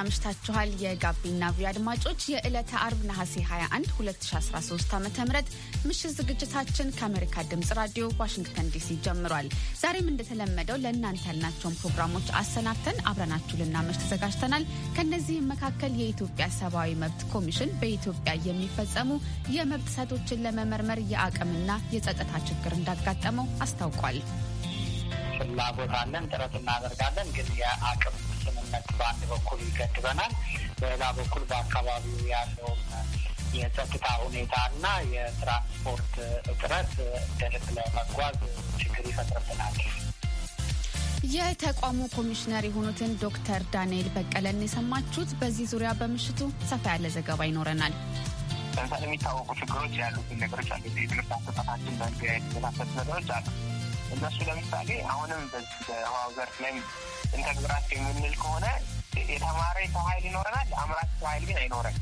እንደምናምሽታችኋል የጋቢና ቪ አድማጮች የዕለተ አርብ ነሐሴ 21 2013 ዓ ም ምሽት ዝግጅታችን ከአሜሪካ ድምፅ ራዲዮ ዋሽንግተን ዲሲ ጀምሯል። ዛሬም እንደተለመደው ለእናንተ ያልናቸውን ፕሮግራሞች አሰናድተን አብረናችሁ ልናመሽ ተዘጋጅተናል። ከእነዚህም መካከል የኢትዮጵያ ሰብአዊ መብት ኮሚሽን በኢትዮጵያ የሚፈጸሙ የመብት ጥሰቶችን ለመመርመር የአቅምና የጸጥታ ችግር እንዳጋጠመው አስታውቋል። ፍላጎት አለን፣ ጥረት እናደርጋለን ግን የአቅም ነጻነት በአንድ በኩል ይገድበናል፣ በሌላ በኩል በአካባቢው ያለውን የጸጥታ ሁኔታ እና የትራንስፖርት እጥረት እንደ ልብ ለመጓዝ ችግር ይፈጥርብናል። የተቋሙ ኮሚሽነር የሆኑትን ዶክተር ዳንኤል በቀለን የሰማችሁት። በዚህ ዙሪያ በምሽቱ ሰፋ ያለ ዘገባ ይኖረናል። ለምሳሌ የሚታወቁ ችግሮች ያሉትን ነገሮች አሉ። የትምህርት አሰጣጣችን በንያ የተመሳሰሉ ነገሮች አሉ። እነሱ ለምሳሌ አሁንም በዚህ በውሃው ዘርፍ ላይ እንተግብራቸው የምንል ከሆነ የተማረ ሰው ኃይል ይኖረናል፣ አምራች ሰው ኃይል ግን አይኖረን።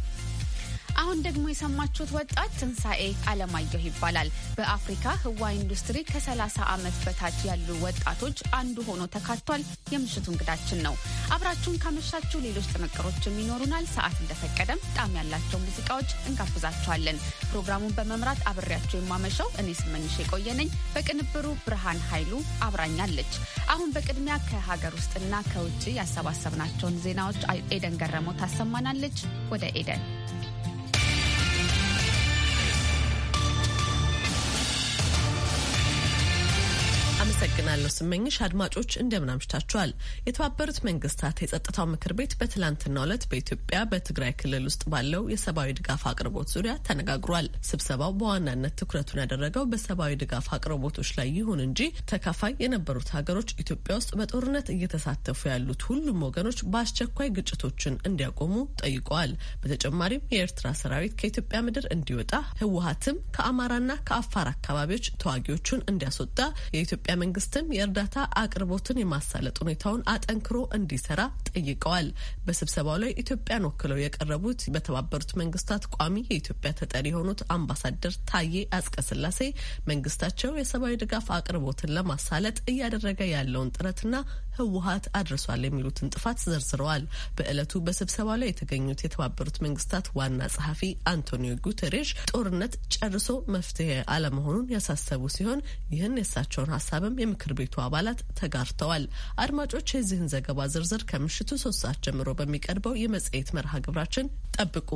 አሁን ደግሞ የሰማችሁት ወጣት ትንሣኤ አለማየሁ ይባላል። በአፍሪካ ህዋ ኢንዱስትሪ ከ30 ዓመት በታች ያሉ ወጣቶች አንዱ ሆኖ ተካቷል። የምሽቱ እንግዳችን ነው። አብራችሁን ካመሻችሁ ሌሎች ጥንቅሮችም ይኖሩናል። ሰዓት እንደፈቀደም ጣም ያላቸው ሙዚቃዎች እንጋብዛችኋለን። ፕሮግራሙን በመምራት አብሬያቸው የማመሸው እኔ ስመኝሽ የቆየነኝ፣ በቅንብሩ ብርሃን ኃይሉ አብራኛለች። አሁን በቅድሚያ ከሀገር ውስጥና ከውጭ ያሰባሰብናቸውን ዜናዎች ኤደን ገረመው ታሰማናለች። ወደ ኤደን አመሰግናለሁ ስመኝሽ። አድማጮች እንደምን አምሽታችኋል። የተባበሩት መንግስታት የጸጥታው ምክር ቤት በትላንትናው ዕለት በኢትዮጵያ በትግራይ ክልል ውስጥ ባለው የሰብአዊ ድጋፍ አቅርቦት ዙሪያ ተነጋግሯል። ስብሰባው በዋናነት ትኩረቱን ያደረገው በሰብአዊ ድጋፍ አቅርቦቶች ላይ ይሁን እንጂ ተካፋይ የነበሩት ሀገሮች ኢትዮጵያ ውስጥ በጦርነት እየተሳተፉ ያሉት ሁሉም ወገኖች በአስቸኳይ ግጭቶችን እንዲያቆሙ ጠይቀዋል። በተጨማሪም የኤርትራ ሰራዊት ከኢትዮጵያ ምድር እንዲወጣ፣ ህወሀትም ከአማራና ከአፋር አካባቢዎች ተዋጊዎቹን እንዲያስወጣ የኢትዮጵያ መንግስትም የእርዳታ አቅርቦትን የማሳለጥ ሁኔታውን አጠንክሮ እንዲሰራ ጠይቀዋል። በስብሰባው ላይ ኢትዮጵያን ወክለው የቀረቡት በተባበሩት መንግስታት ቋሚ የኢትዮጵያ ተጠሪ የሆኑት አምባሳደር ታዬ አጽቀስላሴ መንግስታቸው የሰብአዊ ድጋፍ አቅርቦትን ለማሳለጥ እያደረገ ያለውን ጥረትና ህወሀት አድርሷል የሚሉትን ጥፋት ዘርዝረዋል። በእለቱ በስብሰባ ላይ የተገኙት የተባበሩት መንግስታት ዋና ጸሐፊ አንቶኒዮ ጉተሬሽ ጦርነት ጨርሶ መፍትሄ አለመሆኑን ያሳሰቡ ሲሆን ይህን የእሳቸውን ሀሳብ ሀሳብም የምክር ቤቱ አባላት ተጋርተዋል። አድማጮች የዚህን ዘገባ ዝርዝር ከምሽቱ ሶስት ሰዓት ጀምሮ በሚቀርበው የመጽሔት መርሃ ግብራችን ጠብቁ።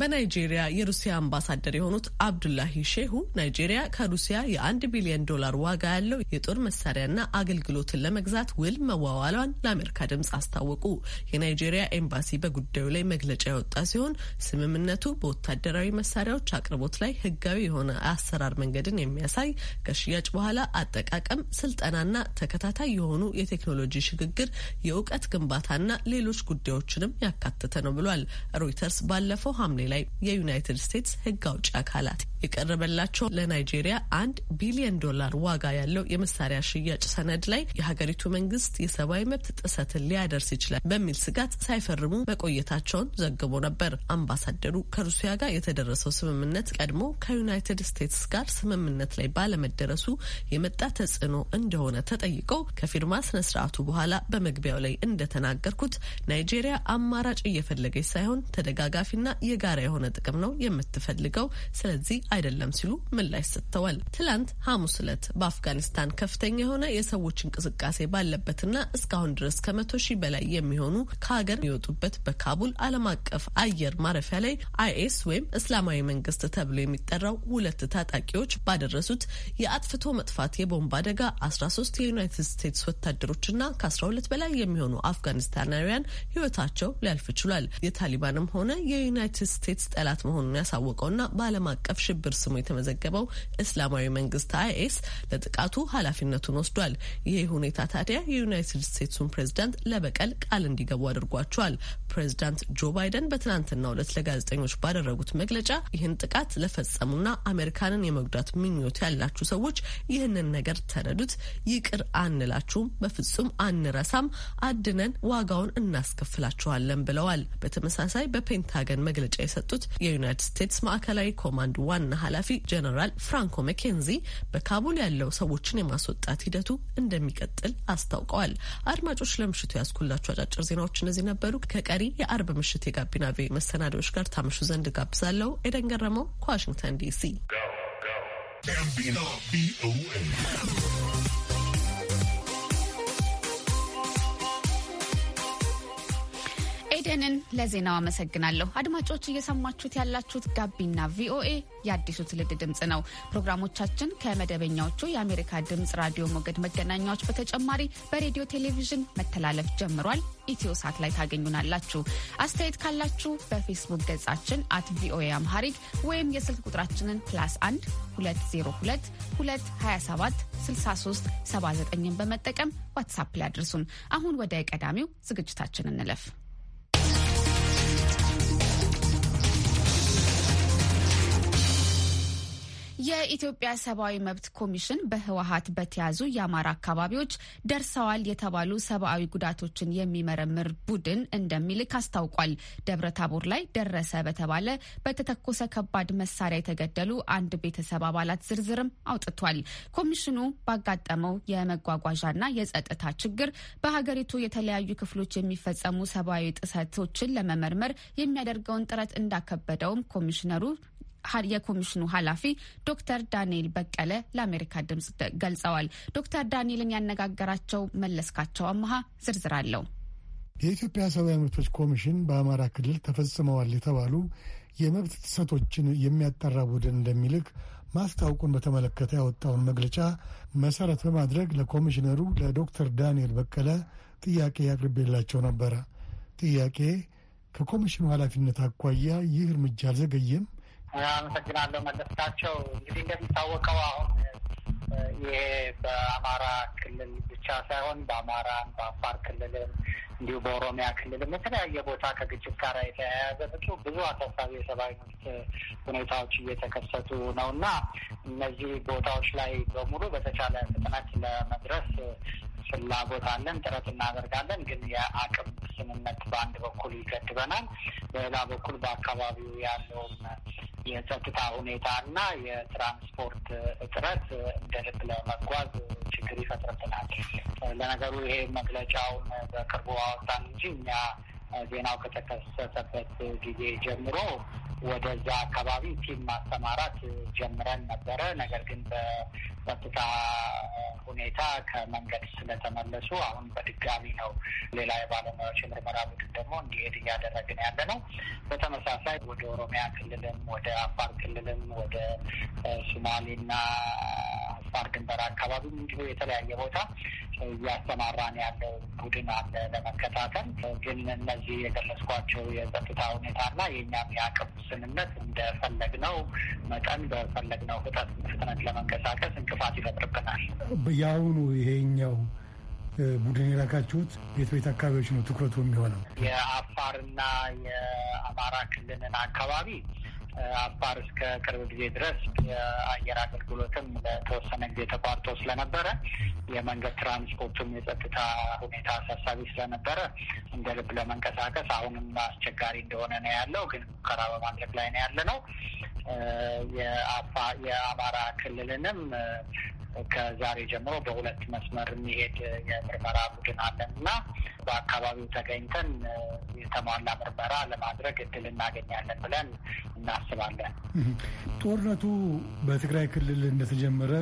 በናይጄሪያ የሩሲያ አምባሳደር የሆኑት አብዱላሂ ሼሁ ናይጄሪያ ከሩሲያ የአንድ ቢሊዮን ዶላር ዋጋ ያለው የጦር መሳሪያና አገልግሎትን ለመግዛት ውል መዋዋሏን ለአሜሪካ ድምጽ አስታወቁ። የናይጄሪያ ኤምባሲ በጉዳዩ ላይ መግለጫ ያወጣ ሲሆን ስምምነቱ በወታደራዊ መሳሪያዎች አቅርቦት ላይ ህጋዊ የሆነ አሰራር መንገድን የሚያሳይ ከሽያጭ በኋላ አጠቃቀም፣ ስልጠናና ተከታታይ የሆኑ የቴክኖሎጂ ሽግግር፣ የእውቀት ግንባታና ሌሎች ጉዳዮችንም ያካተተ ነው ብሏል። ሮይተርስ ባለፈው ሐምሌ ላይ የዩናይትድ ስቴትስ ሕግ አውጪ አካላት የቀረበላቸው ለናይጄሪያ አንድ ቢሊዮን ዶላር ዋጋ ያለው የመሳሪያ ሽያጭ ሰነድ ላይ የሀገሪቱ መንግስት የሰብአዊ መብት ጥሰትን ሊያደርስ ይችላል በሚል ስጋት ሳይፈርሙ መቆየታቸውን ዘግቦ ነበር። አምባሳደሩ ከሩሲያ ጋር የተደረሰው ስምምነት ቀድሞ ከዩናይትድ ስቴትስ ጋር ስምምነት ላይ ባለመደረሱ የመጣ ተጽዕኖ እንደሆነ ተጠይቀው ከፊርማ ስነ በኋላ በመግቢያው ላይ እንደተናገርኩት ናይጄሪያ አማራጭ እየፈለገች ሳይሆን ተደጋጋፊና የጋራ ጋራ የሆነ ጥቅም ነው የምትፈልገው፣ ስለዚህ አይደለም ሲሉ ምላሽ ሰጥተዋል። ትላንት ሐሙስ እለት በአፍጋኒስታን ከፍተኛ የሆነ የሰዎች እንቅስቃሴ ባለበትና እስካሁን ድረስ ከመቶ ሺህ በላይ የሚሆኑ ከሀገር የሚወጡበት በካቡል ዓለም አቀፍ አየር ማረፊያ ላይ አይኤስ ወይም እስላማዊ መንግስት ተብሎ የሚጠራው ሁለት ታጣቂዎች ባደረሱት የአጥፍቶ መጥፋት የቦምብ አደጋ 13 የዩናይትድ ስቴትስ ወታደሮችና ከ12 በላይ የሚሆኑ አፍጋኒስታናውያን ህይወታቸው ሊያልፍ ችሏል። የታሊባንም ሆነ የዩናይትድ ስቴትስ ጠላት መሆኑን ያሳወቀውና በዓለም አቀፍ ሽብር ስሙ የተመዘገበው እስላማዊ መንግስት አይኤስ ለጥቃቱ ኃላፊነቱን ወስዷል። ይህ ሁኔታ ታዲያ የዩናይትድ ስቴትሱን ፕሬዝዳንት ለበቀል ቃል እንዲገቡ አድርጓቸዋል። ፕሬዝዳንት ጆ ባይደን በትናንትናው ዕለት ለጋዜጠኞች ባደረጉት መግለጫ ይህን ጥቃት ለፈጸሙና አሜሪካንን የመጉዳት ምኞት ያላችሁ ሰዎች ይህንን ነገር ተረዱት፣ ይቅር አንላችሁም፣ በፍጹም አንረሳም፣ አድነን ዋጋውን እናስከፍላችኋለን ብለዋል። በተመሳሳይ በፔንታገን መግለጫ የሰጡት የዩናይትድ ስቴትስ ማዕከላዊ ኮማንድ ዋና ኃላፊ ጀነራል ፍራንኮ መኬንዚ በካቡል ያለው ሰዎችን የማስወጣት ሂደቱ እንደሚቀጥል አስታውቀዋል። አድማጮች ለምሽቱ ያስኩላቸው አጫጭር ዜናዎች እነዚህ ነበሩ። ከቀሪ የአርብ ምሽት የጋቢና ቪ መሰናዶዎች ጋር ታመሹ ዘንድ ጋብዛለሁ። ኤደን ገረመው ከዋሽንግተን ዲሲ እንግዲህንን ለዜናው አመሰግናለሁ። አድማጮች እየሰማችሁት ያላችሁት ጋቢና ቪኦኤ የአዲሱ ትውልድ ድምፅ ነው። ፕሮግራሞቻችን ከመደበኛዎቹ የአሜሪካ ድምፅ ራዲዮ ሞገድ መገናኛዎች በተጨማሪ በሬዲዮ ቴሌቪዥን መተላለፍ ጀምሯል። ኢትዮ ሳት ላይ ታገኙናላችሁ። አስተያየት ካላችሁ በፌስቡክ ገጻችን አት ቪኦኤ አምሃሪክ ወይም የስልክ ቁጥራችንን ፕላስ 1 202 227 63 79 በመጠቀም ዋትሳፕ ላይ አድርሱን። አሁን ወደ ቀዳሚው ዝግጅታችን እንለፍ። የኢትዮጵያ ሰብአዊ መብት ኮሚሽን በህወሀት በተያዙ የአማራ አካባቢዎች ደርሰዋል የተባሉ ሰብአዊ ጉዳቶችን የሚመረምር ቡድን እንደሚልክ አስታውቋል። ደብረ ታቦር ላይ ደረሰ በተባለ በተተኮሰ ከባድ መሳሪያ የተገደሉ አንድ ቤተሰብ አባላት ዝርዝርም አውጥቷል። ኮሚሽኑ ባጋጠመው የመጓጓዣና የጸጥታ ችግር በሀገሪቱ የተለያዩ ክፍሎች የሚፈጸሙ ሰብአዊ ጥሰቶችን ለመመርመር የሚያደርገውን ጥረት እንዳከበደውም ኮሚሽነሩ የኮሚሽኑ ኃላፊ ዶክተር ዳንኤል በቀለ ለአሜሪካ ድምጽ ገልጸዋል። ዶክተር ዳንኤልን ያነጋገራቸው መለስካቸው አመሃ ዝርዝር አለው። የኢትዮጵያ ሰብአዊ መብቶች ኮሚሽን በአማራ ክልል ተፈጽመዋል የተባሉ የመብት ጥሰቶችን የሚያጠራ ቡድን እንደሚልክ ማስታወቁን በተመለከተ ያወጣውን መግለጫ መሰረት በማድረግ ለኮሚሽነሩ ለዶክተር ዳንኤል በቀለ ጥያቄ ያቅርቤላቸው ነበረ። ጥያቄ ከኮሚሽኑ ኃላፊነት አኳያ ይህ እርምጃ አልዘገየም አመሰግናለሁ መለስካቸው። እንግዲህ እንደሚታወቀው አሁን ይሄ በአማራ ክልል ብቻ ሳይሆን በአማራ በአፋር ክልልም እንዲሁ በኦሮሚያ ክልልም የተለያየ ቦታ ከግጭት ጋር የተያያዘ ብዙ ብዙ አሳሳቢ የሰብአዊ መብት ሁኔታዎች እየተከሰቱ ነው እና እነዚህ ቦታዎች ላይ በሙሉ በተቻለ ፍጥነት ለመድረስ ፍላጎት አለን፣ ጥረት እናደርጋለን። ግን የአቅም ስምምነት በአንድ በኩል ይገድበናል፣ በሌላ በኩል በአካባቢው ያለውም የጸጥታ ሁኔታ እና የትራንስፖርት እጥረት እንደ ልብ ለመጓዝ ችግር ይፈጥርብናል። ለነገሩ ይሄ መግለጫውን በቅርቡ አወጣን እንጂ እኛ ዜናው ከተከሰተበት ጊዜ ጀምሮ ወደዛ አካባቢ ቲም ማሰማራት ጀምረን ነበረ። ነገር ግን ጸጥታ ሁኔታ ከመንገድ ስለተመለሱ አሁን በድጋሚ ነው ሌላ የባለሙያዎች የምርመራ ቡድን ደግሞ እንዲሄድ እያደረግን ያለ ነው። በተመሳሳይ ወደ ኦሮሚያ ክልልም ወደ አፋር ክልልም ወደ ሶማሌና አፋር ድንበር አካባቢም እንዲሁ የተለያየ ቦታ እያስተማራን ያለው ቡድን አለ ለመከታተል። ግን እነዚህ የገለጽኳቸው የጸጥታ ሁኔታና የእኛም የአቅም ውስንነት ነው። መጠን በፈለግነው ፍጥነት ለመንቀሳቀስ እንቅፋት ይፈጥርብናል። በየአሁኑ ይሄኛው ቡድን የላካችሁት ቤት ቤት አካባቢዎች ነው ትኩረቱ የሚሆነው? የአፋርና የአማራ ክልልን አካባቢ አፋር እስከ ቅርብ ጊዜ ድረስ የአየር አገልግሎትም ለተወሰነ ጊዜ ተቋርጦ ስለነበረ የመንገድ ትራንስፖርቱም የጸጥታ ሁኔታ አሳሳቢ ስለነበረ እንደ ልብ ለመንቀሳቀስ አሁንም አስቸጋሪ እንደሆነ ነው ያለው። ግን ሙከራ በማድረግ ላይ ነው ያለ ነው። የአማራ ክልልንም ከዛሬ ጀምሮ በሁለት መስመር የሚሄድ የምርመራ ቡድን አለን እና በአካባቢው ተገኝተን የተሟላ ምርመራ ለማድረግ እድል እናገኛለን ብለን እና እናስባለን። ጦርነቱ በትግራይ ክልል እንደተጀመረ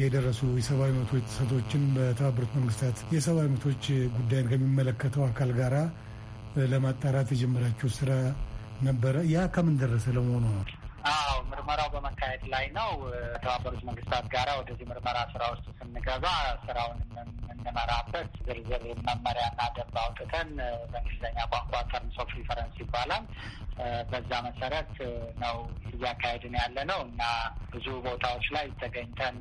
የደረሱ የሰብአዊ መብቶች ጥሰቶችን በተባበሩት መንግስታት የሰብአዊ መብቶች ጉዳይን ከሚመለከተው አካል ጋር ለማጣራት የጀመራችሁ ስራ ነበረ። ያ ከምን ደረሰ ለመሆኑ ነው? አዎ ምርመራው በመካሄድ ላይ ነው። የተባበሩት መንግስታት ጋር ወደዚህ ምርመራ ስራ ውስጥ ስንገባ ስራውን የምንመራበት ዝርዝር መመሪያና ደንብ አውጥተን በእንግሊዝኛ ቋንቋ ተርምስ ኦፍ ሪፈረንስ ይባላል። በዛ መሰረት ነው እያካሄድን ያለ ነው እና ብዙ ቦታዎች ላይ ተገኝተን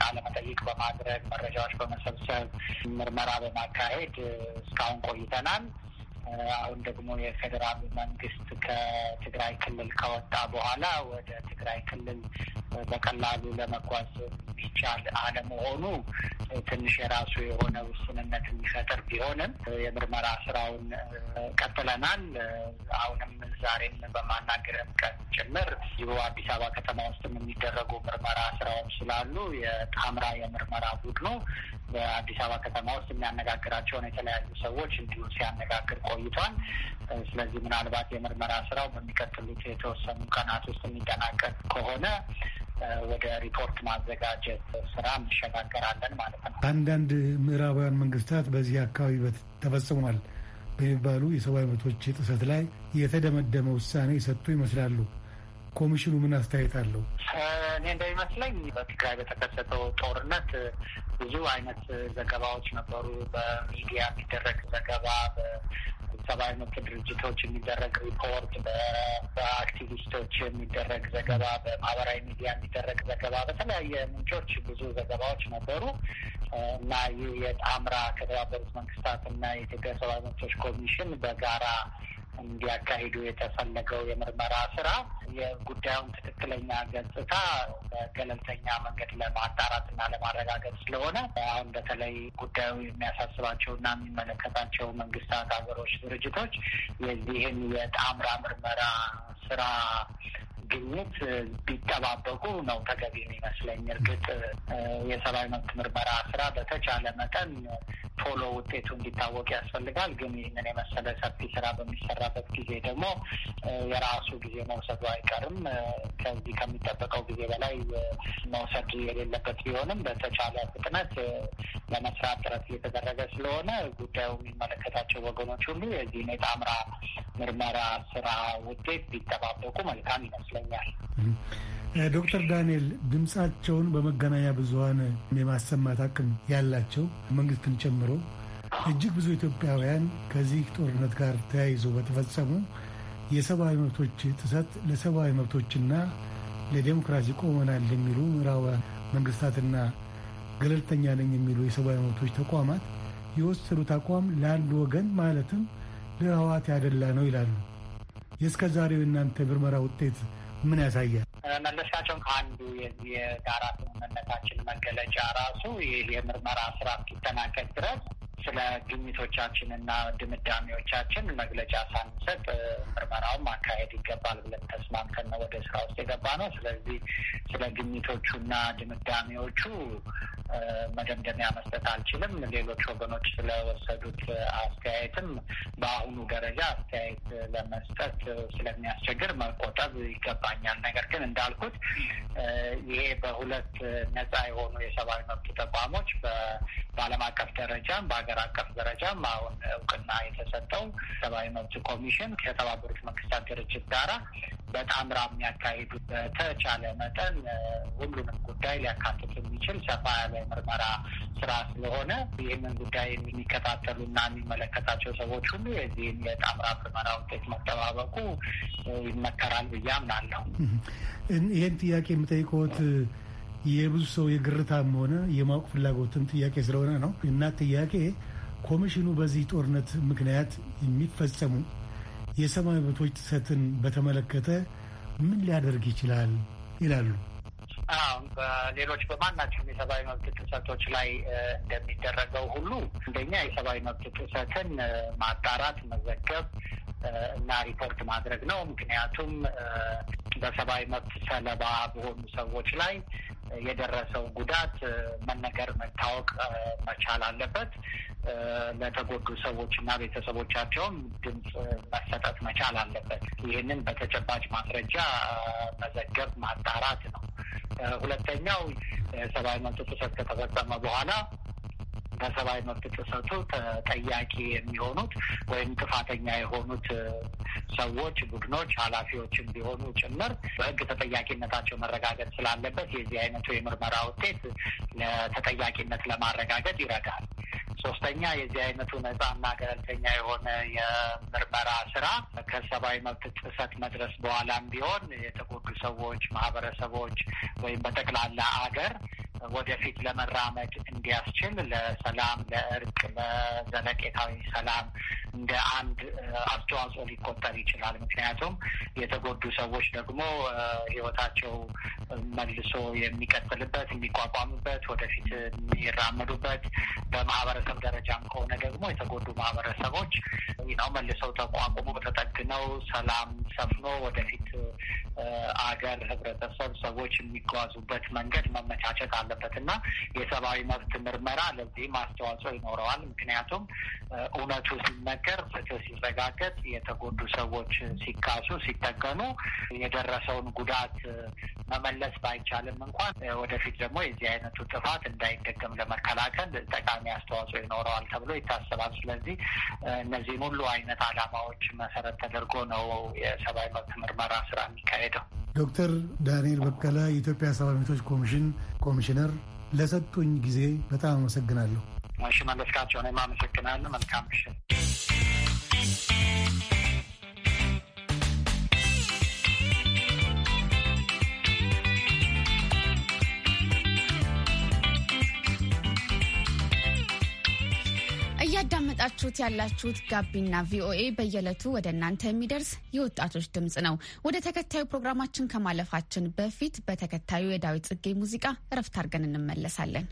ቃለ መጠይቅ በማድረግ መረጃዎች በመሰብሰብ ምርመራ በማካሄድ እስካሁን ቆይተናል። አሁን ደግሞ የፌዴራል መንግስት ከትግራይ ክልል ከወጣ በኋላ ወደ ትግራይ ክልል በቀላሉ ለመጓዝ የሚቻል አለመሆኑ ትንሽ የራሱ የሆነ ውሱንነት የሚፈጥር ቢሆንም የምርመራ ስራውን ቀጥለናል። አሁንም ዛሬም በማናገርም ቀን ጭምር ይሁ አዲስ አበባ ከተማ ውስጥም የሚደረጉ ምርመራ ስራዎች ስላሉ የጣምራ የምርመራ ቡድኑ በአዲስ አበባ ከተማ ውስጥ የሚያነጋግራቸውን የተለያዩ ሰዎች እንዲሁ ሲያነጋግር ቆ ቆይቷል። ስለዚህ ምናልባት የምርመራ ስራው በሚቀጥሉት የተወሰኑ ቀናት ውስጥ የሚጠናቀቅ ከሆነ ወደ ሪፖርት ማዘጋጀት ስራ እንሸጋገራለን ማለት ነው። አንዳንድ ምዕራባውያን መንግስታት በዚህ አካባቢ ተፈጽሟል በሚባሉ የሰብአዊ መብቶች ጥሰት ላይ የተደመደመ ውሳኔ የሰጡ ይመስላሉ። ኮሚሽኑ ምን አስተያየት አለው? እኔ እንደሚመስለኝ በትግራይ በተከሰተው ጦርነት ብዙ አይነት ዘገባዎች ነበሩ። በሚዲያ የሚደረግ ዘገባ፣ በሰብአዊ መብት ድርጅቶች የሚደረግ ሪፖርት፣ በአክቲቪስቶች የሚደረግ ዘገባ፣ በማህበራዊ ሚዲያ የሚደረግ ዘገባ፣ በተለያየ ምንጮች ብዙ ዘገባዎች ነበሩ እና ይህ የጣምራ ከተባበሩት መንግስታት እና የኢትዮጵያ ሰብአዊ መብቶች ኮሚሽን በጋራ እንዲያካሂዱ የተፈለገው የምርመራ ስራ የጉዳዩን ትክክለኛ ገጽታ በገለልተኛ መንገድ ለማጣራትና ለማረጋገጥ ስለሆነ አሁን በተለይ ጉዳዩ የሚያሳስባቸውና የሚመለከታቸው መንግስታት፣ ሀገሮች፣ ድርጅቶች የዚህን የጣምራ ምርመራ ስራ ግኝት ቢጠባበቁ ነው ተገቢ የሚመስለኝ። እርግጥ የሰብአዊ መብት ምርመራ ስራ በተቻለ መጠን ቶሎ ውጤቱ እንዲታወቅ ያስፈልጋል። ግን ይህንን የመሰለ ሰፊ ስራ በሚሰራበት ጊዜ ደግሞ የራሱ ጊዜ መውሰዱ አይቀርም። ከዚህ ከሚጠበቀው ጊዜ በላይ መውሰድ የሌለበት ቢሆንም በተቻለ ፍጥነት ለመስራት ጥረት እየተደረገ ስለሆነ ጉዳዩ የሚመለከታቸው ወገኖች ሁሉ የዚህን የጣምራ ምርመራ ስራ ውጤት ቢጠባበቁ መልካም ይመስለኛል። ዶክተር ዳንኤል ድምጻቸውን በመገናኛ ብዙኃን የማሰማት አቅም ያላቸው መንግስትን ጨምሮ ጨምሮ እጅግ ብዙ ኢትዮጵያውያን ከዚህ ጦርነት ጋር ተያይዞ በተፈጸሙ የሰብአዊ መብቶች ጥሰት ለሰብአዊ መብቶችና ለዴሞክራሲ ቆመናል የሚሉ ምዕራባውያን መንግስታትና ገለልተኛ ነኝ የሚሉ የሰብአዊ መብቶች ተቋማት የወሰዱት አቋም ለአንድ ወገን ማለትም ለህወሓት ያደላ ነው ይላሉ። የእስከ ዛሬው የእናንተ ምርመራ ውጤት ምን ያሳያል? የመለስካቸውን ከአንዱ የዚህ የጋራ ስምምነታችን መገለጫ ራሱ ይህ የምርመራ ስራ እስኪጠናቀቅ ድረስ ስለ ግኝቶቻችን እና ድምዳሜዎቻችን መግለጫ ሳንሰጥ ምርመራውን ማካሄድ ይገባል ብለን ተስማምተን ነው ወደ ስራ ውስጥ የገባ ነው። ስለዚህ ስለ ግኝቶቹ እና ድምዳሜዎቹ መደምደሚያ መስጠት አልችልም። ሌሎች ወገኖች ስለወሰዱት አስተያየትም በአሁኑ ደረጃ አስተያየት ለመስጠት ስለሚያስቸግር መቆጠብ ይገባኛል። ነገር ግን እንዳልኩት ይሄ በሁለት ነፃ የሆኑ የሰብአዊ መብት ተቋሞች በዓለም አቀፍ ደረጃ በሀገር አቀፍ ደረጃም አሁን እውቅና የተሰጠው ሰብአዊ መብት ኮሚሽን ከተባበሩት መንግስታት ድርጅት ጋራ በጣምራ የሚያካሂዱ በተቻለ መጠን ሁሉንም ጉዳይ ሊያካትት የሚችል ሰፋ ያለ ምርመራ ስራ ስለሆነ ይህንን ጉዳይ የሚከታተሉና የሚመለከታቸው ሰዎች ሁሉ የዚህን የጣምራ ምርመራ ውጤት መጠባበቁ ይመከራል ብዬ አምናለሁ። ይህን ጥያቄ የምጠይቀዎት የብዙ ሰው የግርታም ሆነ የማወቅ ፍላጎትም ጥያቄ ስለሆነ ነው እና ጥያቄ ኮሚሽኑ በዚህ ጦርነት ምክንያት የሚፈጸሙ የሰብአዊ መብቶች ጥሰትን በተመለከተ ምን ሊያደርግ ይችላል ይላሉ። በሌሎች በማናቸውም የሰብአዊ መብት ጥሰቶች ላይ እንደሚደረገው ሁሉ አንደኛ የሰብአዊ መብት ጥሰትን ማጣራት፣ መዘገብ እና ሪፖርት ማድረግ ነው። ምክንያቱም በሰብአዊ መብት ሰለባ በሆኑ ሰዎች ላይ የደረሰው ጉዳት መነገር መታወቅ መቻል አለበት። ለተጎዱ ሰዎች እና ቤተሰቦቻቸውም ድምፅ መሰጠት መቻል አለበት። ይህንን በተጨባጭ ማስረጃ መዘገብ ማጣራት ነው። ሁለተኛው ሰብአዊ መብት ጥሰት ከተፈጸመ በኋላ በሰብአዊ መብት ጥሰቱ ተጠያቂ የሚሆኑት ወይም ጥፋተኛ የሆኑት ሰዎች፣ ቡድኖች፣ ኃላፊዎችን ቢሆኑ ጭምር በህግ ተጠያቂነታቸው መረጋገጥ ስላለበት የዚህ አይነቱ የምርመራ ውጤት ለተጠያቂነት ለማረጋገጥ ይረዳል። ሶስተኛ የዚህ አይነቱ እና ገለልተኛ የሆነ የምርመራ ስራ ከሰብአዊ መብት ጥሰት መድረስ በኋላም ቢሆን የተጎዱ ሰዎች፣ ማህበረሰቦች ወይም በጠቅላላ አገር ወደፊት ለመራመድ እንዲያስችል ለሰላም፣ ለእርቅ፣ ለዘለቄታዊ ሰላም እንደ አንድ አስተዋጽኦ ሊቆጠር ይችላል። ምክንያቱም የተጎዱ ሰዎች ደግሞ ሕይወታቸው መልሶ የሚቀጥልበት የሚቋቋምበት፣ ወደፊት የሚራመዱበት በማህበረሰብ ደረጃም ከሆነ ደግሞ የተጎዱ ማህበረሰቦች ነው መልሰው ተቋቁሞ ተጠግነው ሰላም ሰፍኖ ወደፊት አገር፣ ህብረተሰብ፣ ሰዎች የሚጓዙበት መንገድ መመቻቸት አለ አለበት እና የሰብአዊ መብት ምርመራ ለዚህም አስተዋጽኦ ይኖረዋል። ምክንያቱም እውነቱ ሲነገር፣ ፍትህ ሲረጋገጥ፣ የተጎዱ ሰዎች ሲካሱ፣ ሲጠገኑ የደረሰውን ጉዳት መመለስ ባይቻልም እንኳን ወደፊት ደግሞ የዚህ አይነቱ ጥፋት እንዳይደገም ለመከላከል ጠቃሚ አስተዋጽኦ ይኖረዋል ተብሎ ይታሰባል። ስለዚህ እነዚህን ሁሉ አይነት አላማዎች መሰረት ተደርጎ ነው የሰብአዊ መብት ምርመራ ስራ የሚካሄደው። ዶክተር ዳንኤል በቀለ የኢትዮጵያ ሰብአዊ መብቶች ኮሚሽን ኮሚሽነር ቴይለር ለሰጡኝ ጊዜ በጣም አመሰግናለሁ። እሺ መለስካቸው፣ እኔም አመሰግናለሁ። መልካም ምሽት። እያደመጣችሁት ያላችሁት ጋቢና ቪኦኤ በየዕለቱ ወደ እናንተ የሚደርስ የወጣቶች ድምፅ ነው። ወደ ተከታዩ ፕሮግራማችን ከማለፋችን በፊት በተከታዩ የዳዊት ጽጌ ሙዚቃ እረፍት አድርገን እንመለሳለን።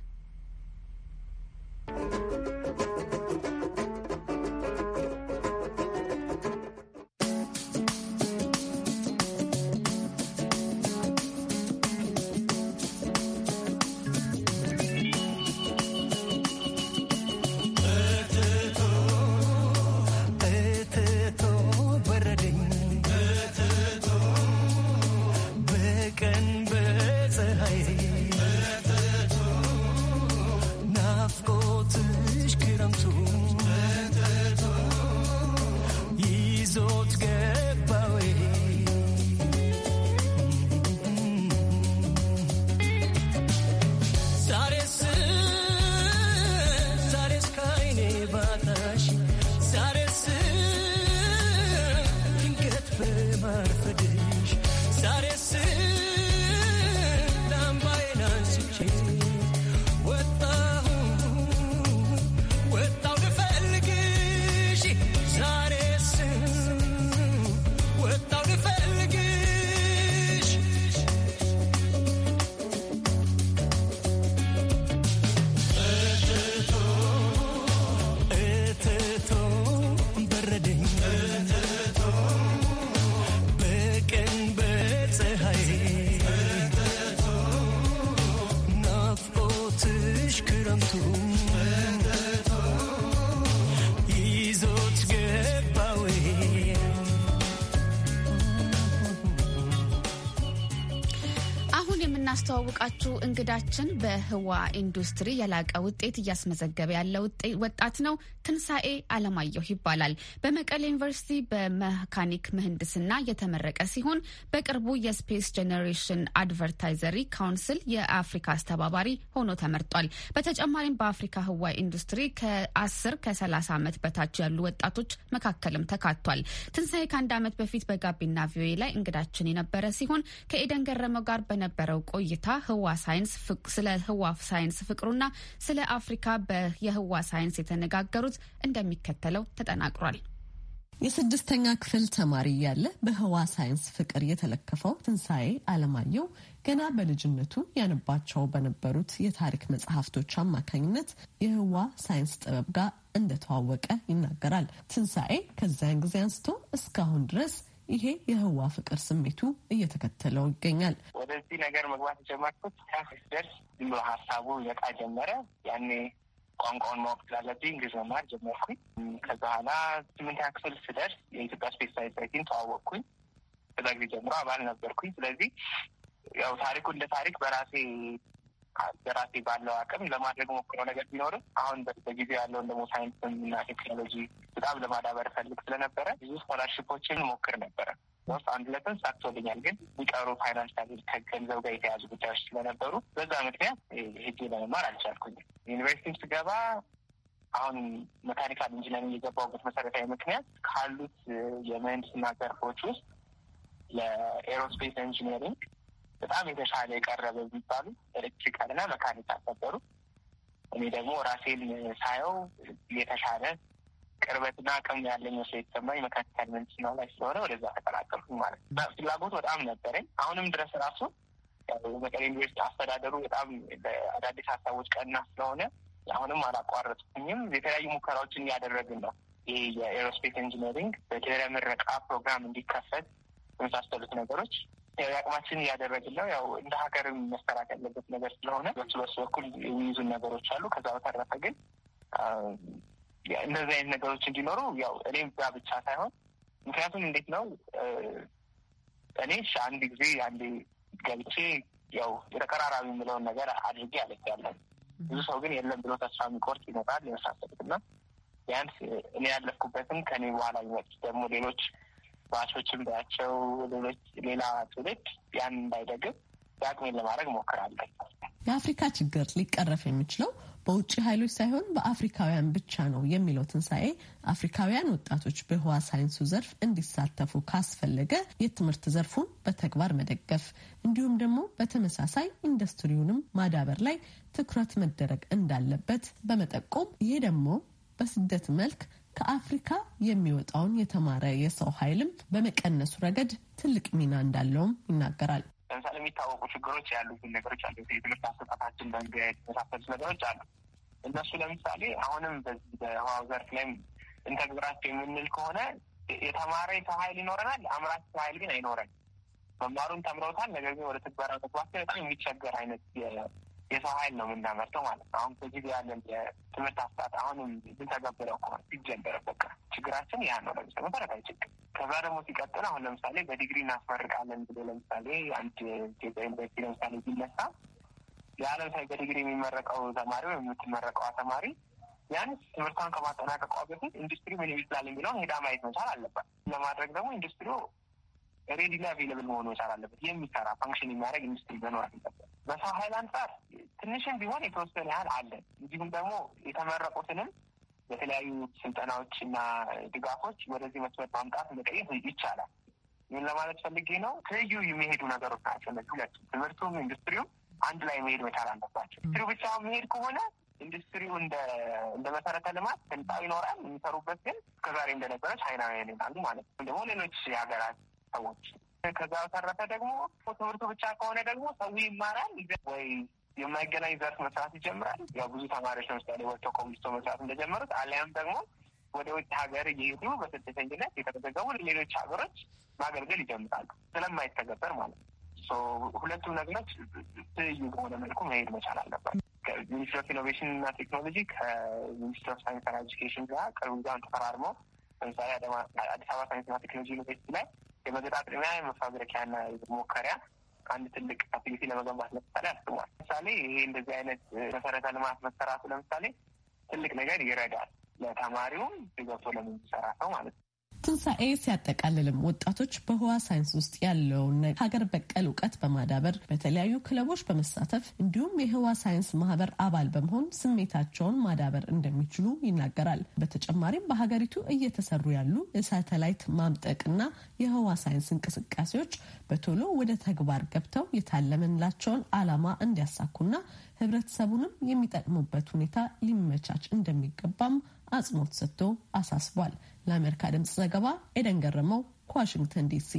የማስተዋወቃችሁ እንግዳችን በህዋ ኢንዱስትሪ የላቀ ውጤት እያስመዘገበ ያለ ወጣት ነው። ትንሣኤ አለማየሁ ይባላል። በመቀሌ ዩኒቨርሲቲ በመካኒክ ምህንድስና የተመረቀ ሲሆን በቅርቡ የስፔስ ጄኔሬሽን አድቨርታይዘሪ ካውንስል የአፍሪካ አስተባባሪ ሆኖ ተመርጧል። በተጨማሪም በአፍሪካ ህዋ ኢንዱስትሪ ከአስር 10 ከ30 ዓመት በታች ያሉ ወጣቶች መካከልም ተካቷል። ትንሣኤ ከአንድ ዓመት በፊት በጋቢና ቪኦኤ ላይ እንግዳችን የነበረ ሲሆን ከኤደን ገረመው ጋር በነበረው ቆይ ቆይታ ህዋ ሳይንስ ስለ ህዋ ሳይንስ ፍቅሩና ስለ አፍሪካ የህዋ ሳይንስ የተነጋገሩት እንደሚከተለው ተጠናቅሯል። የስድስተኛ ክፍል ተማሪ እያለ በህዋ ሳይንስ ፍቅር የተለከፈው ትንሣኤ አለማየሁ ገና በልጅነቱ ያነባቸው በነበሩት የታሪክ መጽሐፍቶች አማካኝነት የህዋ ሳይንስ ጥበብ ጋር እንደተዋወቀ ይናገራል። ትንሣኤ ከዚያን ጊዜ አንስቶ እስካሁን ድረስ ይሄ የህዋ ፍቅር ስሜቱ እየተከተለው ይገኛል። ወደዚህ ነገር መግባት የጀመርኩት ደርስ ብሎ ሀሳቡ ይመጣ ጀመረ። ያኔ ቋንቋውን ማወቅ ስላለብኝ እንግሊዝ መማር ጀመርኩኝ። ከዛ በኋላ ስምንተኛ ክፍል ስደርስ የኢትዮጵያ ስፔስ ሳይሳይቲን ተዋወቅኩኝ። ከዛ ጊዜ ጀምሮ አባል ነበርኩኝ። ስለዚህ ያው ታሪኩ እንደ ታሪክ በራሴ በራሴ ባለው አቅም ለማድረግ ሞክረው ነገር ቢኖርም አሁን በጊዜ ያለውን ደግሞ ሳይንስ እና ቴክኖሎጂ በጣም ለማዳበር ፈልግ ስለነበረ ብዙ ስኮላርሽፖችን ሞክር ነበረ ውስጥ አንድ ለተንስ አክቶልኛል ግን የሚቀሩ ፋይናንሻል ከገንዘብ ጋር የተያዙ ጉዳዮች ስለነበሩ በዛ ምክንያት ሄጄ ለመማር አልቻልኩኝም። ዩኒቨርሲቲም ስገባ አሁን መካኒካል ኢንጂነሪንግ የገባሁበት መሰረታዊ ምክንያት ካሉት የምህንድስና ዘርፎች ውስጥ ለኤሮስፔስ ኢንጂነሪንግ በጣም የተሻለ የቀረበ የሚባሉ ኤሌክትሪካል እና መካኒካል ነበሩ። እኔ ደግሞ ራሴን ሳየው የተሻለ ቅርበትና አቅም ያለኝ ሰው የተሰማኝ መካከል ምንጭ ነው ላይ ስለሆነ ወደዛ ተቀላቀልኩ ማለት ነው። ፍላጎት በጣም ነበረኝ። አሁንም ድረስ ራሱ መቀሌ ዩኒቨርሲቲ አስተዳደሩ በጣም አዳዲስ ሀሳቦች ቀና ስለሆነ አሁንም አላቋረጥኩኝም። የተለያዩ ሙከራዎችን እያደረግን ነው። ይህ የኤሮስፔስ ኢንጂነሪንግ በድህረ ምረቃ ፕሮግራም እንዲከፈት የመሳሰሉት ነገሮች የአቅማችን እያደረግን ነው። ያው እንደ ሀገርም መሰራት ያለበት ነገር ስለሆነ በሱ በሱ በኩል የሚይዙን ነገሮች አሉ። ከዛ በተረፈ ግን እነዚህ አይነት ነገሮች እንዲኖሩ ያው እኔ ብቻ ሳይሆን ምክንያቱም እንዴት ነው እኔ አንድ ጊዜ አንዴ ገብቼ ያው የተቀራራቢ የምለውን ነገር አድርጌ አለፍ ብዙ ሰው ግን የለም ብሎ ተስፋ የሚቆርጥ ይመጣል የመሳሰሉት እና ቢያንስ እኔ ያለፍኩበትም ከኔ በኋላ ይመጡ ደግሞ ሌሎች ባሾችም ባያቸው ሌሎች ሌላ ትውልድ ያን እንዳይደግም የአቅሜን ለማድረግ ሞክራለን። የአፍሪካ ችግር ሊቀረፍ የሚችለው በውጭ ኃይሎች ሳይሆን በአፍሪካውያን ብቻ ነው የሚለው ትንሣኤ አፍሪካውያን ወጣቶች በህዋ ሳይንሱ ዘርፍ እንዲሳተፉ ካስፈለገ የትምህርት ዘርፉን በተግባር መደገፍ እንዲሁም ደግሞ በተመሳሳይ ኢንዱስትሪውንም ማዳበር ላይ ትኩረት መደረግ እንዳለበት በመጠቆም ይሄ ደግሞ በስደት መልክ ከአፍሪካ የሚወጣውን የተማረ የሰው ኃይልም በመቀነሱ ረገድ ትልቅ ሚና እንዳለውም ይናገራል። ለምሳሌ የሚታወቁ ችግሮች ያሉብን ነገሮች አሉ። የትምህርት አሰጣታችን በንገድ የመሳሰሉት ነገሮች አሉ። እነሱ ለምሳሌ አሁንም በዚህ በውሃው ዘርፍ ላይም እንተግብራቸው የምንል ከሆነ የተማረ ሰው ኃይል ይኖረናል፣ አምራች ሰው ኃይል ግን አይኖረን። መማሩን ተምረውታል፣ ነገር ግን ወደ ትግበራ መግባቸው በጣም የሚቸገር አይነት የሰው ኃይል ነው የምናመርተው ማለት ነው። አሁን በዚህ ያለን የትምህርት አሰጣጥ አሁንም ብንተገብረው ከሆነ ሲጀመር በቃ ችግራችን ያ ነው። ለምሳሌ መሰረታዊ ችግር ከዛ ደግሞ ሲቀጥል አሁን ለምሳሌ በዲግሪ እናስመርቃለን ብሎ ለምሳሌ አንድ ኢትዮጵያ ዩኒቨርሲቲ ለምሳሌ ቢነሳ የዓለም ሳይ በዲግሪ የሚመረቀው ተማሪ ወይም የምትመረቀው ተማሪ ያን ትምህርቷን ከማጠናቀቋ በፊት ኢንዱስትሪ ምን ይመስላል የሚለውን ሄዳ ማየት መቻል አለባት። ለማድረግ ደግሞ ኢንዱስትሪ ሬዲ ሬዲሊ አቬለብል መሆኑ መቻል አለበት። የሚሰራ ፋንክሽን የሚያደርግ ኢንዱስትሪ መኖር አለበት። በሰው ሀይል አንጻር ትንሽም ቢሆን የተወሰነ ያህል አለን። እንዲሁም ደግሞ የተመረቁትንም በተለያዩ ስልጠናዎች እና ድጋፎች ወደዚህ መስመር ማምጣት መቀየት ይቻላል። ይህን ለማለት ፈልጌ ነው። ትይዩ የሚሄዱ ነገሮች ናቸው እነዚህ ሁለቱ፣ ትምህርቱም ኢንዱስትሪውም አንድ ላይ መሄድ መቻል አለባቸው። ኢንዱስትሪው ብቻ መሄድ ከሆነ ኢንዱስትሪው እንደ መሰረተ ልማት ህንፃው ይኖራል። የሚሰሩበት ግን እስከዛሬ እንደነበረ ቻይናውያን ይሆናሉ ማለት ነው፣ ደግሞ ሌሎች የሀገራት ሰዎች። ከዛ በተረፈ ደግሞ ትምህርቱ ብቻ ከሆነ ደግሞ ሰው ይማራል ወይ የማይገናኝ ዘርፍ መስራት ይጀምራል። ያው ብዙ ተማሪዎች ለምሳሌ ወጥቶ ኮሚስቶ መስራት እንደጀመሩት አሊያም ደግሞ ወደ ውጭ ሀገር እየሄዱ በስደተኝነት የተመዘገቡ ሌሎች ሀገሮች ማገልገል ይጀምራሉ። ስለማይተገበር ማለት ነው። ሁለቱም ነገሮች ትይዩ በሆነ መልኩ መሄድ መቻል አለባቸው። ሚኒስትር ኦፍ ኢኖቬሽን እና ቴክኖሎጂ ከሚኒስትር ኦፍ ና ኤጁኬሽን ጋር ቅርብ ጋር ተፈራርመው ለምሳሌ አዲስ አበባ ሳይንስና ቴክኖሎጂ ዩኒቨርሲቲ ላይ የመገጣጠሚያ ና ሞከሪያ አንድ ትልቅ ፋሲሊቲ ለመገንባት ለምሳሌ አስቧል። ለምሳሌ ይሄ እንደዚህ አይነት መሰረተ ልማት መሰራቱ ለምሳሌ ትልቅ ነገር ይረዳል፣ ለተማሪውም ሊገብቶ ለምንሰራ ሰው ማለት ነው። ትንሣኤ ሲያጠቃልልም ወጣቶች በህዋ ሳይንስ ውስጥ ያለውን ሀገር በቀል እውቀት በማዳበር በተለያዩ ክለቦች በመሳተፍ እንዲሁም የህዋ ሳይንስ ማህበር አባል በመሆን ስሜታቸውን ማዳበር እንደሚችሉ ይናገራል። በተጨማሪም በሀገሪቱ እየተሰሩ ያሉ የሳተላይት ማምጠቅና የህዋ ሳይንስ እንቅስቃሴዎች በቶሎ ወደ ተግባር ገብተው የታለመላቸውን ዓላማ እንዲያሳኩና ህብረተሰቡንም የሚጠቅሙበት ሁኔታ ሊመቻች እንደሚገባም አጽንኦት ሰጥቶ አሳስቧል። ለአሜሪካ ድምጽ ዘገባ ኤደን ገረመው ከዋሽንግተን ዲሲ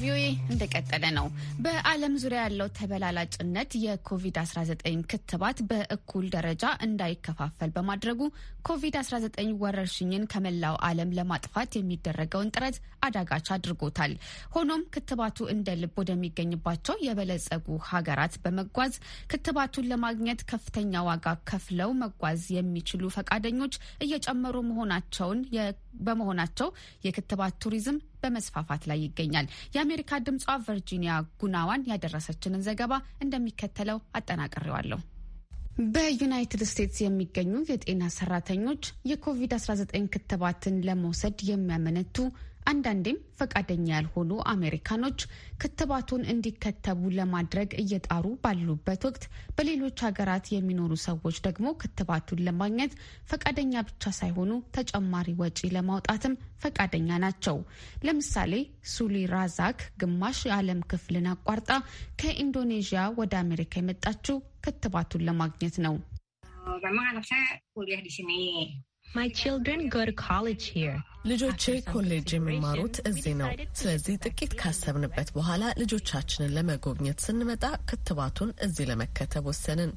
ቪኦኤ እንደቀጠለ ነው። በዓለም ዙሪያ ያለው ተበላላጭነት የኮቪድ-19 ክትባት በእኩል ደረጃ እንዳይከፋፈል በማድረጉ ኮቪድ-19 ወረርሽኝን ከመላው ዓለም ለማጥፋት የሚደረገውን ጥረት አዳጋች አድርጎታል። ሆኖም ክትባቱ እንደ ልብ ወደሚገኝባቸው የበለጸጉ ሀገራት በመጓዝ ክትባቱን ለማግኘት ከፍተኛ ዋጋ ከፍለው መጓዝ የሚችሉ ፈቃደኞች እየጨመሩ መሆናቸውን በመሆናቸው የክትባት ቱሪዝም በመስፋፋት ላይ ይገኛል። የአሜሪካ ድምጿ ቨርጂኒያ ጉናዋን ያደረሰችንን ዘገባ እንደሚከተለው አጠናቅሬዋለሁ። በዩናይትድ ስቴትስ የሚገኙ የጤና ሰራተኞች የኮቪድ-19 ክትባትን ለመውሰድ የሚያመነቱ አንዳንዴም ፈቃደኛ ያልሆኑ አሜሪካኖች ክትባቱን እንዲከተቡ ለማድረግ እየጣሩ ባሉበት ወቅት በሌሎች ሀገራት የሚኖሩ ሰዎች ደግሞ ክትባቱን ለማግኘት ፈቃደኛ ብቻ ሳይሆኑ ተጨማሪ ወጪ ለማውጣትም ፈቃደኛ ናቸው። ለምሳሌ ሱሊ ራዛክ ግማሽ የዓለም ክፍልን አቋርጣ ከኢንዶኔዥያ ወደ አሜሪካ የመጣችው ክትባቱን ለማግኘት ነው። ልጆቼ ኮሌጅ የሚማሩት እዚህ ነው። ስለዚህ ጥቂት ካሰብንበት በኋላ ልጆቻችንን ለመጎብኘት ስንመጣ ክትባቱን እዚህ ለመከተብ ወሰንን።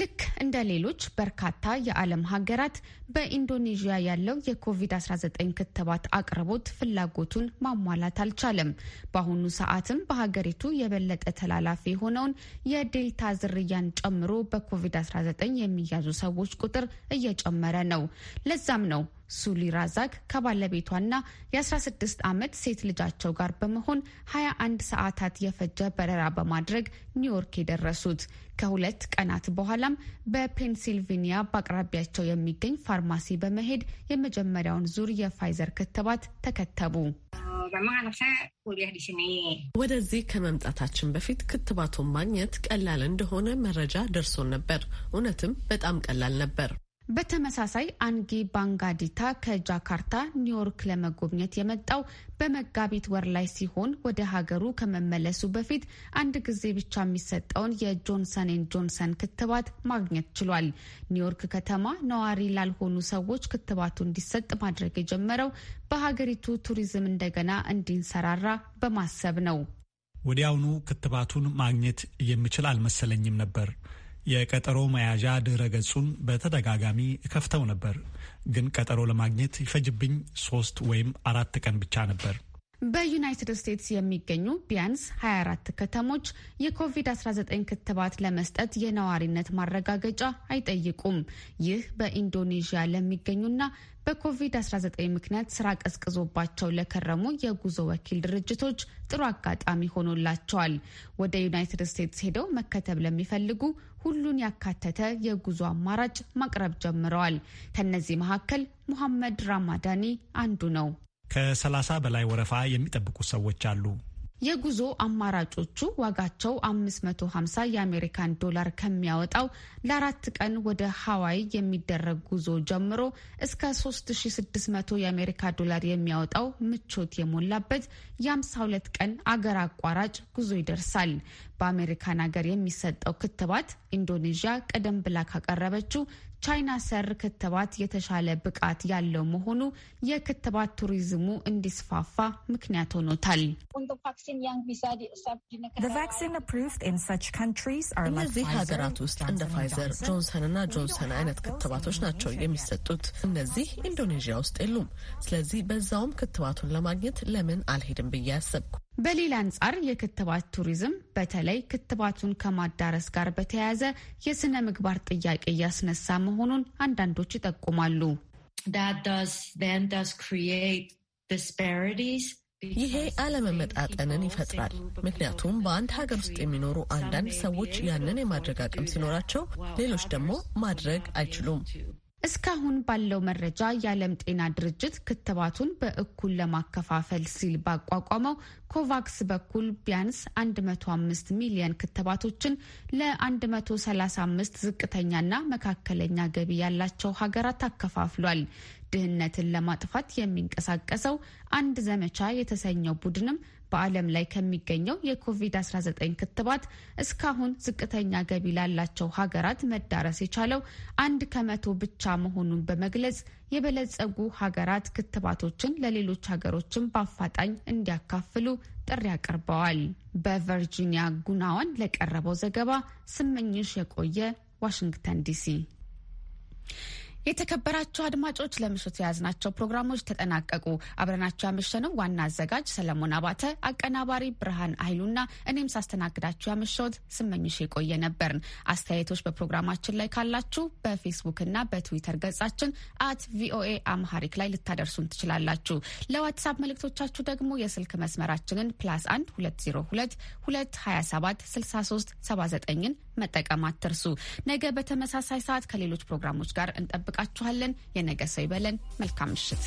ልክ እንደ ሌሎች በርካታ የዓለም ሀገራት በኢንዶኔዥያ ያለው የኮቪድ-19 ክትባት አቅርቦት ፍላጎቱን ማሟላት አልቻለም። በአሁኑ ሰዓትም በሀገሪቱ የበለጠ ተላላፊ የሆነውን የዴልታ ዝርያን ጨምሮ በኮቪድ-19 የሚያዙ ሰዎች ቁጥር እየጨመረ ነው። ለዛም ነው ሱሊ ራዛክ ከባለቤቷና የ16 ዓመት ሴት ልጃቸው ጋር በመሆን 21 ሰዓታት የፈጀ በረራ በማድረግ ኒውዮርክ የደረሱት ከሁለት ቀናት በኋላም በፔንሲልቬኒያ በአቅራቢያቸው የሚገኝ ፋርማሲ በመሄድ የመጀመሪያውን ዙር የፋይዘር ክትባት ተከተቡ። ወደዚህ ከመምጣታችን በፊት ክትባቱን ማግኘት ቀላል እንደሆነ መረጃ ደርሶን ነበር። እውነትም በጣም ቀላል ነበር። በተመሳሳይ አንጌ ባንጋዲታ ከጃካርታ ኒውዮርክ ለመጎብኘት የመጣው በመጋቢት ወር ላይ ሲሆን ወደ ሀገሩ ከመመለሱ በፊት አንድ ጊዜ ብቻ የሚሰጠውን የጆንሰን ኤንድ ጆንሰን ክትባት ማግኘት ችሏል። ኒውዮርክ ከተማ ነዋሪ ላልሆኑ ሰዎች ክትባቱ እንዲሰጥ ማድረግ የጀመረው በሀገሪቱ ቱሪዝም እንደገና እንዲንሰራራ በማሰብ ነው። ወዲያውኑ ክትባቱን ማግኘት የሚችል አልመሰለኝም ነበር የቀጠሮ መያዣ ድረ ገጹን በተደጋጋሚ እከፍተው ነበር፣ ግን ቀጠሮ ለማግኘት ይፈጅብኝ ሶስት ወይም አራት ቀን ብቻ ነበር። በዩናይትድ ስቴትስ የሚገኙ ቢያንስ 24 ከተሞች የኮቪድ-19 ክትባት ለመስጠት የነዋሪነት ማረጋገጫ አይጠይቁም። ይህ በኢንዶኔዥያ ለሚገኙና በኮቪድ-19 ምክንያት ስራ ቀዝቅዞባቸው ለከረሙ የጉዞ ወኪል ድርጅቶች ጥሩ አጋጣሚ ሆኖላቸዋል። ወደ ዩናይትድ ስቴትስ ሄደው መከተብ ለሚፈልጉ ሁሉን ያካተተ የጉዞ አማራጭ ማቅረብ ጀምረዋል። ከነዚህ መካከል ሙሐመድ ራማዳኒ አንዱ ነው። ከ30 በላይ ወረፋ የሚጠብቁ ሰዎች አሉ። የጉዞ አማራጮቹ ዋጋቸው 550 የአሜሪካን ዶላር ከሚያወጣው ለአራት ቀን ወደ ሀዋይ የሚደረግ ጉዞ ጀምሮ እስከ 3600 የአሜሪካ ዶላር የሚያወጣው ምቾት የሞላበት የ52 ቀን አገር አቋራጭ ጉዞ ይደርሳል። በአሜሪካን ሀገር የሚሰጠው ክትባት ኢንዶኔዥያ ቀደም ብላ ካቀረበችው ቻይና ሰር ክትባት የተሻለ ብቃት ያለው መሆኑ የክትባት ቱሪዝሙ እንዲስፋፋ ምክንያት ሆኖታል። እነዚህ ሀገራት ውስጥ እንደ ፋይዘር፣ ጆንሰን እና ጆንሰን አይነት ክትባቶች ናቸው የሚሰጡት። እነዚህ ኢንዶኔዥያ ውስጥ የሉም። ስለዚህ በዛውም ክትባቱን ለማግኘት ለምን አልሄድም ብዬ አሰብኩ። በሌላ አንጻር የክትባት ቱሪዝም በተለይ ክትባቱን ከማዳረስ ጋር በተያያዘ የስነ ምግባር ጥያቄ እያስነሳ መሆኑን አንዳንዶች ይጠቁማሉ። ይሄ አለመመጣጠንን ይፈጥራል። ምክንያቱም በአንድ ሀገር ውስጥ የሚኖሩ አንዳንድ ሰዎች ያንን የማድረግ አቅም ሲኖራቸው፣ ሌሎች ደግሞ ማድረግ አይችሉም። እስካሁን ባለው መረጃ የዓለም ጤና ድርጅት ክትባቱን በእኩል ለማከፋፈል ሲል ባቋቋመው ኮቫክስ በኩል ቢያንስ 105 ሚሊየን ክትባቶችን ለ135 ዝቅተኛና መካከለኛ ገቢ ያላቸው ሀገራት አከፋፍሏል። ድህነትን ለማጥፋት የሚንቀሳቀሰው አንድ ዘመቻ የተሰኘው ቡድንም በዓለም ላይ ከሚገኘው የኮቪድ-19 ክትባት እስካሁን ዝቅተኛ ገቢ ላላቸው ሀገራት መዳረስ የቻለው አንድ ከመቶ ብቻ መሆኑን በመግለጽ የበለጸጉ ሀገራት ክትባቶችን ለሌሎች ሀገሮችን በአፋጣኝ እንዲያካፍሉ ጥሪ አቅርበዋል። በቨርጂኒያ ጉናዋን ለቀረበው ዘገባ ስመኝሽ የቆየ ዋሽንግተን ዲሲ የተከበራቸው አድማጮች ለምሽቱ የያዝናቸው ፕሮግራሞች ተጠናቀቁ። አብረናቸው ያመሸነው ዋና አዘጋጅ ሰለሞን አባተ፣ አቀናባሪ ብርሃን ኃይሉና እኔም ሳስተናግዳችሁ ያመሸሁት ስመኝሽ የቆየ ነበርን። አስተያየቶች በፕሮግራማችን ላይ ካላችሁ በፌስቡክና በትዊተር ገጻችን አት ቪኦኤ አምሃሪክ ላይ ልታደርሱን ትችላላችሁ። ለዋትሳፕ መልእክቶቻችሁ ደግሞ የስልክ መስመራችንን ፕላስ 1 202 227 6379ን መጠቀም አትርሱ። ነገ በተመሳሳይ ሰዓት ከሌሎች ፕሮግራሞች ጋር እንጠብቅ እንጠብቃችኋለን። የነገ ሰው ይበለን። መልካም ምሽት።